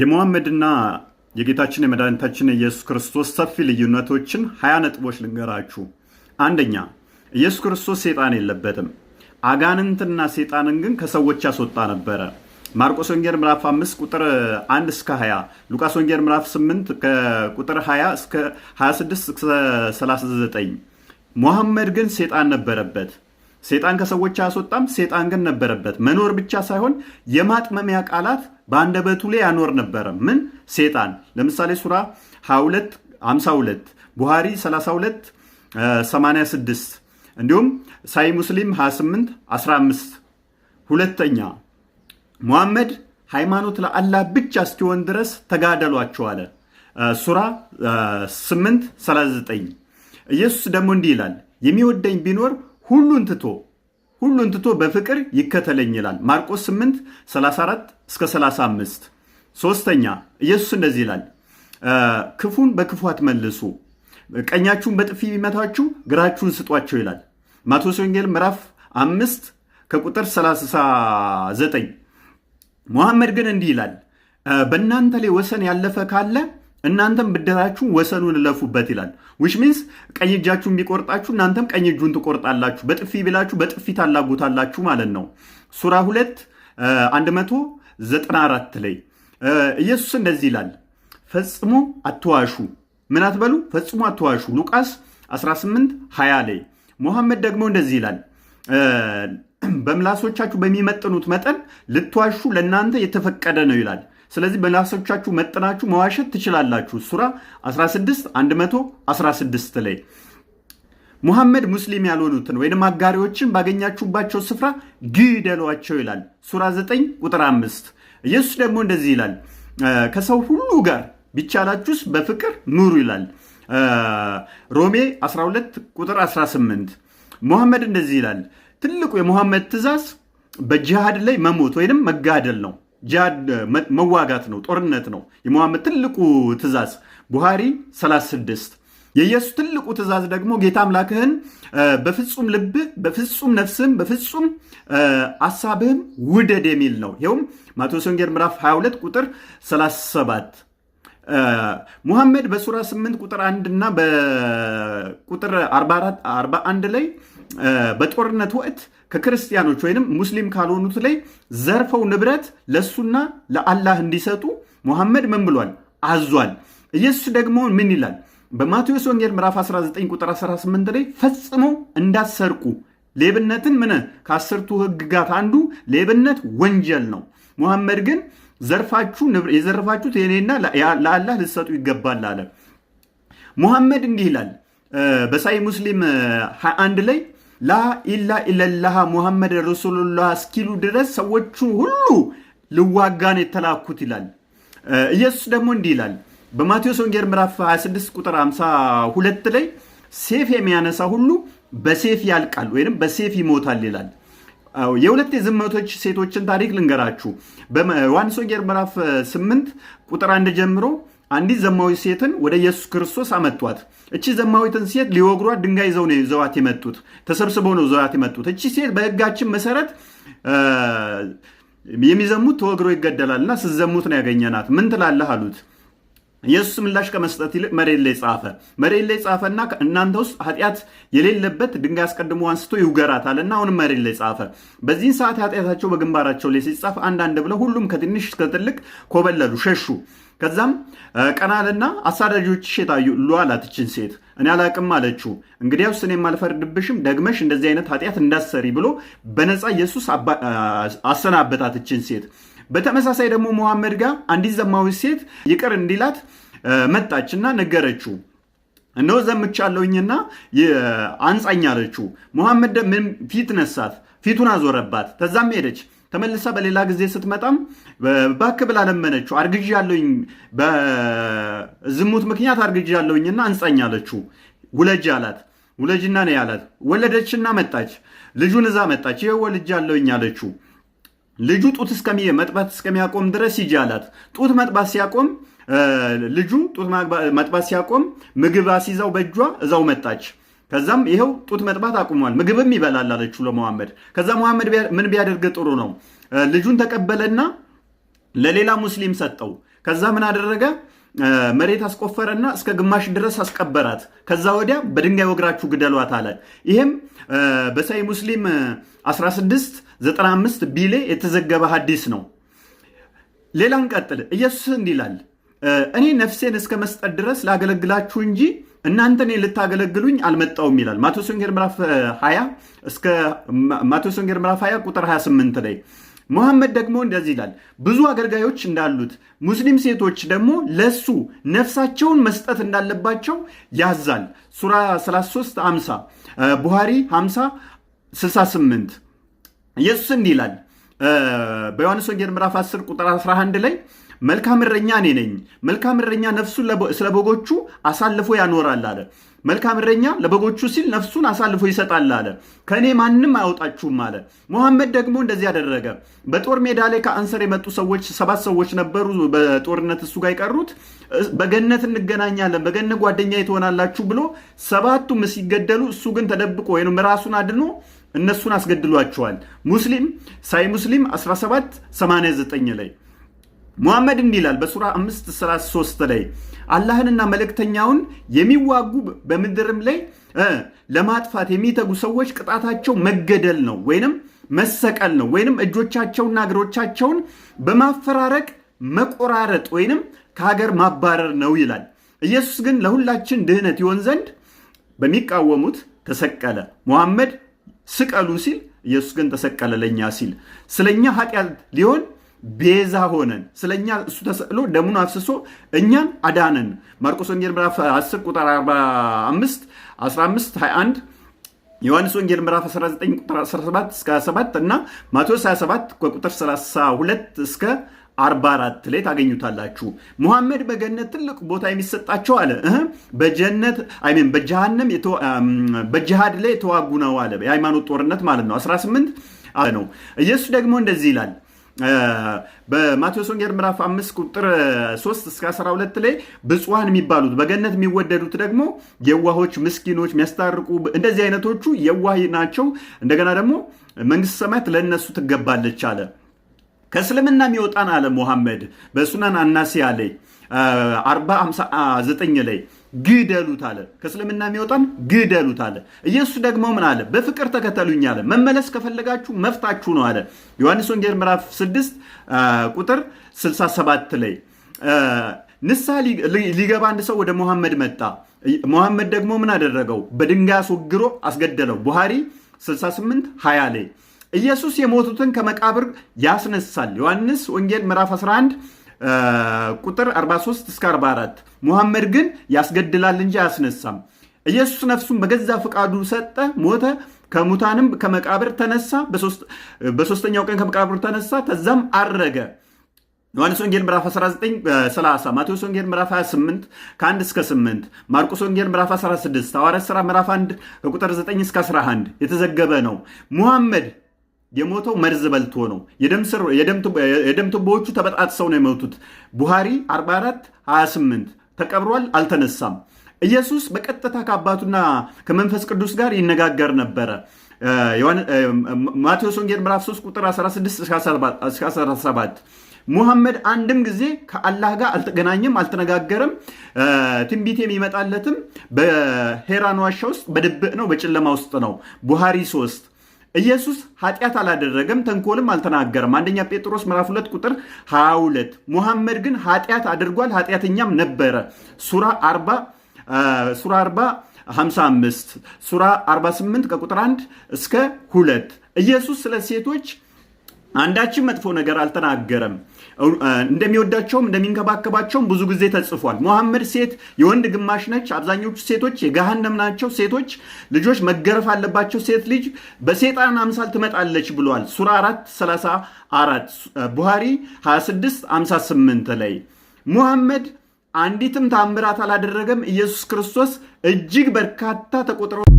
የመሐመድና የጌታችን የመድኃኒታችን የኢየሱስ ክርስቶስ ሰፊ ልዩነቶችን ሀያ ነጥቦች ልንገራችሁ። አንደኛ ኢየሱስ ክርስቶስ ሴጣን የለበትም። አጋንንትና ሴጣንን ግን ከሰዎች ያስወጣ ነበረ። ማርቆስ ወንጌል ምዕራፍ 5 ቁጥር 1 እስከ 20፣ ሉቃስ ወንጌል ምዕራፍ 8 ከቁጥር 20 እስከ 26 እስከ 39። ሙሐመድ ግን ሴጣን ነበረበት። ሴጣን ከሰዎች አያስወጣም። ሴጣን ግን ነበረበት። መኖር ብቻ ሳይሆን የማጥመሚያ ቃላት በአንደበቱ ላይ ያኖር ነበረ። ምን ሴጣን ለምሳሌ ሱራ 22 52 ቡሃሪ 32 86 እንዲሁም ሳይ ሙስሊም 28 15 ሁለተኛ ሙሐመድ ሃይማኖት ለአላህ ብቻ እስኪሆን ድረስ ተጋደሏቸው አለ። ሱራ 8 39 ኢየሱስ ደግሞ እንዲህ ይላል የሚወደኝ ቢኖር ሁሉን ትቶ ሁሉን ትቶ በፍቅር ይከተለኝ ይላል ማርቆስ 8 34 እስከ 35። ሶስተኛ ኢየሱስ እንደዚህ ይላል፣ ክፉን በክፉ አትመልሱ፣ ቀኛችሁን በጥፊ ቢመታችሁ ግራችሁን ስጧቸው ይላል። ማቴዎስ ወንጌል ምዕራፍ አምስት ከቁጥር 39። መሐመድ ግን እንዲህ ይላል፣ በእናንተ ላይ ወሰን ያለፈ ካለ እናንተም ብድራችሁን ወሰኑን እለፉበት ይላል። ዊች ሚንስ ቀኝ እጃችሁን ቢቆርጣችሁ እናንተም ቀኝ እጁን ትቆርጣላችሁ። በጥፊ ብላችሁ በጥፊ ታላጉታላችሁ ማለት ነው። ሱራ 2 194 ላይ ኢየሱስ እንደዚህ ይላል፣ ፈጽሞ አትዋሹ። ምን አትበሉ? ፈጽሞ አትዋሹ። ሉቃስ 18 20 ላይ ሙሐመድ ደግሞ እንደዚህ ይላል በምላሶቻችሁ በሚመጥኑት መጠን ልትዋሹ ለእናንተ የተፈቀደ ነው ይላል። ስለዚህ በነፍሶቻችሁ መጥናችሁ መዋሸት ትችላላችሁ። ሱራ 16 116 ላይ ሙሐመድ ሙስሊም ያልሆኑትን ወይንም አጋሪዎችን ባገኛችሁባቸው ስፍራ ግደሏቸው ይላል። ሱራ 9 ቁጥር 5። ኢየሱስ ደግሞ እንደዚህ ይላል፣ ከሰው ሁሉ ጋር ቢቻላችሁስ በፍቅር ኑሩ ይላል። ሮሜ 12 ቁጥር 18። ሙሐመድ እንደዚህ ይላል፣ ትልቁ የሙሐመድ ትእዛዝ በጂሃድ ላይ መሞት ወይንም መጋደል ነው። መዋጋት ነው፣ ጦርነት ነው። የመሐመድ ትልቁ ትእዛዝ ቡሃሪ 36 የኢየሱስ ትልቁ ትእዛዝ ደግሞ ጌታ አምላክህን በፍጹም ልብህ በፍጹም ነፍስህም በፍጹም አሳብህም ውደድ የሚል ነው። ይኸውም ማቴዎስ ወንጌል ምዕራፍ 22 ቁጥር 37 ሙሐመድ በሱራ 8 ቁጥር 1 እና በቁጥር 41 ላይ በጦርነት ወቅት ከክርስቲያኖች ወይንም ሙስሊም ካልሆኑት ላይ ዘርፈው ንብረት ለእሱና ለአላህ እንዲሰጡ ሙሐመድ ምን ብሏል? አዟል። ኢየሱስ ደግሞ ምን ይላል? በማቴዎስ ወንጌል ምዕራፍ 19 ቁጥር 18 ላይ ፈጽሞ እንዳትሰርቁ ሌብነትን ምን ከአስርቱ ጋት አንዱ ሌብነት ወንጀል ነው። ሙሐመድ ግን ዘርፋችሁ የዘርፋችሁት የኔና ለአላህ ልትሰጡ ይገባል አለ። ሙሐመድ እንዲህ ይላል በሳይ ሙስሊም 21 ላይ ላ ኢላ ኢለላህ ሙሐመድ ረሱሉላህ እስኪሉ ድረስ ሰዎቹ ሁሉ ልዋጋን የተላኩት ይላል። ኢየሱስ ደግሞ እንዲህ ይላል በማቴዎስ ወንጌል ምዕራፍ 26 ቁጥር 52 ላይ ሴፍ የሚያነሳ ሁሉ በሴፍ ያልቃል ወይም በሴፍ ይሞታል ይላል። የሁለት የዝመቶች ሴቶችን ታሪክ ልንገራችሁ። በዮሐንስ ወንጌል ምዕራፍ 8 ቁጥር 1 ጀምሮ አንዲት ዘማዊት ሴትን ወደ ኢየሱስ ክርስቶስ አመጧት። እቺ ዘማዊትን ሴት ሊወግሯት ድንጋይ ይዘው ነው ዘዋት የመጡት፣ ተሰብስበው ነው ዘዋት የመጡት። እቺ ሴት በሕጋችን መሰረት የሚዘሙት ተወግሮ ይገደላልና ስትዘሙት ነው ያገኘናት። ምን ትላለህ አሉት። ኢየሱስ ምላሽ ከመስጠት ይልቅ መሬት ላይ ጻፈ። መሬት ላይ ጻፈና እናንተ ውስጥ ኃጢአት የሌለበት ድንጋይ አስቀድሞ አንስቶ ይውገራታል እና አሁንም መሬት ላይ ጻፈ። በዚህን ሰዓት ኃጢአታቸው በግንባራቸው ላይ ሲጻፍ አንዳንድ ብለው ሁሉም ከትንሽ እስከ ትልቅ ኮበለሉ፣ ሸሹ። ከዛም ቀናልና አሳዳጆች የታዩ ሉ አላትችን ሴት እኔ አላቅም አለችው። እንግዲያውስ እኔም አልፈርድብሽም ደግመሽ እንደዚህ አይነት ኃጢአት እንዳሰሪ ብሎ በነፃ ኢየሱስ አሰናበታትችን ሴት በተመሳሳይ ደግሞ መሐመድ ጋር አንዲት ዘማዊ ሴት ይቅር እንዲላት መጣችና ነገረችው። እነሆ ዘምቻለሁኝና አንጻኝ አለችው። መሐመድ ምን ፊት ነሳት፣ ፊቱን አዞረባት። ተዛም ሄደች። ተመልሳ በሌላ ጊዜ ስትመጣም ባክ ብላ ለመነችው። ያለውኝ በዝሙት ምክንያት ያለውኝና አንጻኝ አለችው። ውለጅ አላት። ውለጅና ነይ አላት። ወለደችና መጣች። ልጁን እዛ መጣች። ይኸው ያለውኝ አለችው። ልጁ ጡት እስከሚ መጥባት እስከሚያቆም ድረስ ሂጂ አላት። ጡት መጥባት ሲያቆም ልጁ ጡት መጥባት ሲያቆም ምግብ አስይዛው በእጇ እዛው መጣች። ከዛም ይኸው ጡት መጥባት አቁሟል፣ ምግብም ይበላል አለችው ለመሐመድ። ከዛ መሐመድ ምን ቢያደርግ ጥሩ ነው? ልጁን ተቀበለና ለሌላ ሙስሊም ሰጠው። ከዛ ምን አደረገ? መሬት አስቆፈረና እስከ ግማሽ ድረስ አስቀበራት። ከዛ ወዲያ በድንጋይ ወግራችሁ ግደሏት አለ። ይህም በሳይ ሙስሊም 1695 ቢሌ የተዘገበ ሀዲስ ነው። ሌላን ቀጥል። ኢየሱስ እንዲህ ይላል፣ እኔ ነፍሴን እስከ መስጠት ድረስ ላገለግላችሁ እንጂ እናንተ እኔ ልታገለግሉኝ አልመጣውም ይላል። ማቴዎስ ወንጌል ምዕራፍ 20 ቁጥር 28 ላይ መሐመድ ደግሞ እንደዚህ ይላል፣ ብዙ አገልጋዮች እንዳሉት ሙስሊም ሴቶች ደግሞ ለሱ ነፍሳቸውን መስጠት እንዳለባቸው ያዛል። ሱራ 33 50 ቡሃሪ 50 68 ኢየሱስ እንዲህ ይላል በዮሐንስ ወንጌል ምዕራፍ 10 ቁጥር 11 ላይ መልካም እረኛ እኔ ነኝ፣ መልካም እረኛ ነፍሱን ስለ በጎቹ አሳልፎ ያኖራል አለ። መልካም እረኛ ለበጎቹ ሲል ነፍሱን አሳልፎ ይሰጣል አለ። ከእኔ ማንም አያወጣችሁም አለ። ሙሐመድ ደግሞ እንደዚህ ያደረገ። በጦር ሜዳ ላይ ከአንሰር የመጡ ሰዎች ሰባት ሰዎች ነበሩ፣ በጦርነት እሱ ጋር የቀሩት። በገነት እንገናኛለን፣ በገነት ጓደኛ ትሆናላችሁ ብሎ ሰባቱም ሲገደሉ እሱ ግን ተደብቆ ወይም ራሱን አድኖ እነሱን አስገድሏቸዋል። ሙስሊም ሳይ ሙስሊም 1789 ላይ ሙሐመድ እንዲህ ይላል በሱራ 5 ላይ አላህንና መልእክተኛውን የሚዋጉ በምድርም ላይ ለማጥፋት የሚተጉ ሰዎች ቅጣታቸው መገደል ነው ወይንም መሰቀል ነው ወይንም እጆቻቸውና እግሮቻቸውን በማፈራረቅ መቆራረጥ ወይንም ከሀገር ማባረር ነው ይላል። ኢየሱስ ግን ለሁላችን ድህነት ይሆን ዘንድ በሚቃወሙት ተሰቀለ። ሙሐመድ ስቀሉ ሲል ኢየሱስ ግን ተሰቀለ ለእኛ ሲል ስለኛ ኃጢአት ሊሆን ቤዛ ሆነን ስለኛ እሱ ተሰቅሎ ደሙን አፍስሶ እኛን አዳነን። ማርቆስ ወንጌል ምዕራፍ 10 ቁጥር 45፣ 15፣ 21 ዮሐንስ ወንጌል ምዕራፍ 19 ቁጥር 17 እስከ 27 እና ማቴዎስ 27 ቁጥር 32 እስከ 44 ላይ ታገኙታላችሁ። ሙሐመድ በገነት ትልቅ ቦታ የሚሰጣቸው አለ። በጀነት አይሜን በጀሃነም በጅሃድ ላይ የተዋጉ ነው አለ። የሃይማኖት ጦርነት ማለት ነው። 18 ነው። ኢየሱስ ደግሞ እንደዚህ ይላል በማቴዎስ ወንጌል ምዕራፍ 5 ቁጥር 3 እስከ 12 ላይ ብፁዓን የሚባሉት በገነት የሚወደዱት ደግሞ የዋሆች፣ ምስኪኖች፣ የሚያስታርቁ እንደዚህ አይነቶቹ የዋህ ናቸው። እንደገና ደግሞ መንግስት ሰማያት ለእነሱ ትገባለች አለ። ከእስልምና የሚወጣን አለ ሙሐመድ በሱናን አናሲያ ላይ 459 ላይ ግደሉት አለ። ከእስልምና የሚወጣን ግደሉት አለ። ኢየሱስ ደግሞ ምን አለ? በፍቅር ተከተሉኝ አለ። መመለስ ከፈለጋችሁ መፍታችሁ ነው አለ። ዮሐንስ ወንጌል ምዕራፍ 6 ቁጥር 67 ላይ ንስሐ ሊገባ አንድ ሰው ወደ መሐመድ መጣ። መሐመድ ደግሞ ምን አደረገው? በድንጋይ አስወግሮ አስገደለው። ቡሃሪ 68 20 ላይ ኢየሱስ የሞቱትን ከመቃብር ያስነሳል። ዮሐንስ ወንጌል ምዕራፍ 11 ቁጥር 43 እስከ 44 ሙሐመድ ግን ያስገድላል እንጂ አያስነሳም። ኢየሱስ ነፍሱን በገዛ ፈቃዱ ሰጠ፣ ሞተ፣ ከሙታንም ከመቃብር ተነሳ፣ በሶስተኛው ቀን ከመቃብር ተነሳ፣ ተዛም አረገ። ዮሐንስ ወንጌል ምዕራፍ 19 30፣ ማቴዎስ ወንጌል ምዕራፍ 28 ከ1 እስከ 8፣ ማርቆስ ወንጌል ምዕራፍ 16፣ ሐዋርያት ሥራ ምዕራፍ 1 ከቁጥር 9 እስከ 11 የተዘገበ ነው። ሙሐመድ የሞተው መርዝ በልቶ ነው። የደም ቱቦዎቹ ተበጣጥሰው ነው የሞቱት። ቡሃሪ 44 28 ተቀብሯል፣ አልተነሳም። ኢየሱስ በቀጥታ ከአባቱና ከመንፈስ ቅዱስ ጋር ይነጋገር ነበረ። ማቴዎስ ወንጌል ምዕራፍ 3 ቁጥር 16-17 ሙሐመድ አንድም ጊዜ ከአላህ ጋር አልተገናኘም፣ አልተነጋገረም። ትንቢት የሚመጣለትም በሄራን ዋሻ ውስጥ በድብቅ ነው፣ በጨለማ ውስጥ ነው። ቡሃሪ 3 ኢየሱስ ኃጢአት አላደረገም፣ ተንኮልም አልተናገረም። አንደኛ ጴጥሮስ ምዕራፍ 2 ቁጥር 22። ሙሐመድ ግን ኃጢአት አድርጓል፣ ኃጢአተኛም ነበረ። ሱራ 40 ሱራ 40 55 ሱራ 48 ከቁጥር 1 እስከ 2 ኢየሱስ ስለ ሴቶች አንዳችም መጥፎ ነገር አልተናገረም። እንደሚወዳቸውም እንደሚንከባከባቸውም ብዙ ጊዜ ተጽፏል። ሙሐመድ ሴት የወንድ ግማሽ ነች። አብዛኞቹ ሴቶች የገሃነም ናቸው። ሴቶች ልጆች መገረፍ አለባቸው። ሴት ልጅ በሴጣን አምሳል ትመጣለች ብሏል። ሱራ 4 34 ቡሃሪ 26 58 ላይ ሙሐመድ አንዲትም ታምራት አላደረገም። ኢየሱስ ክርስቶስ እጅግ በርካታ ተቆጥረው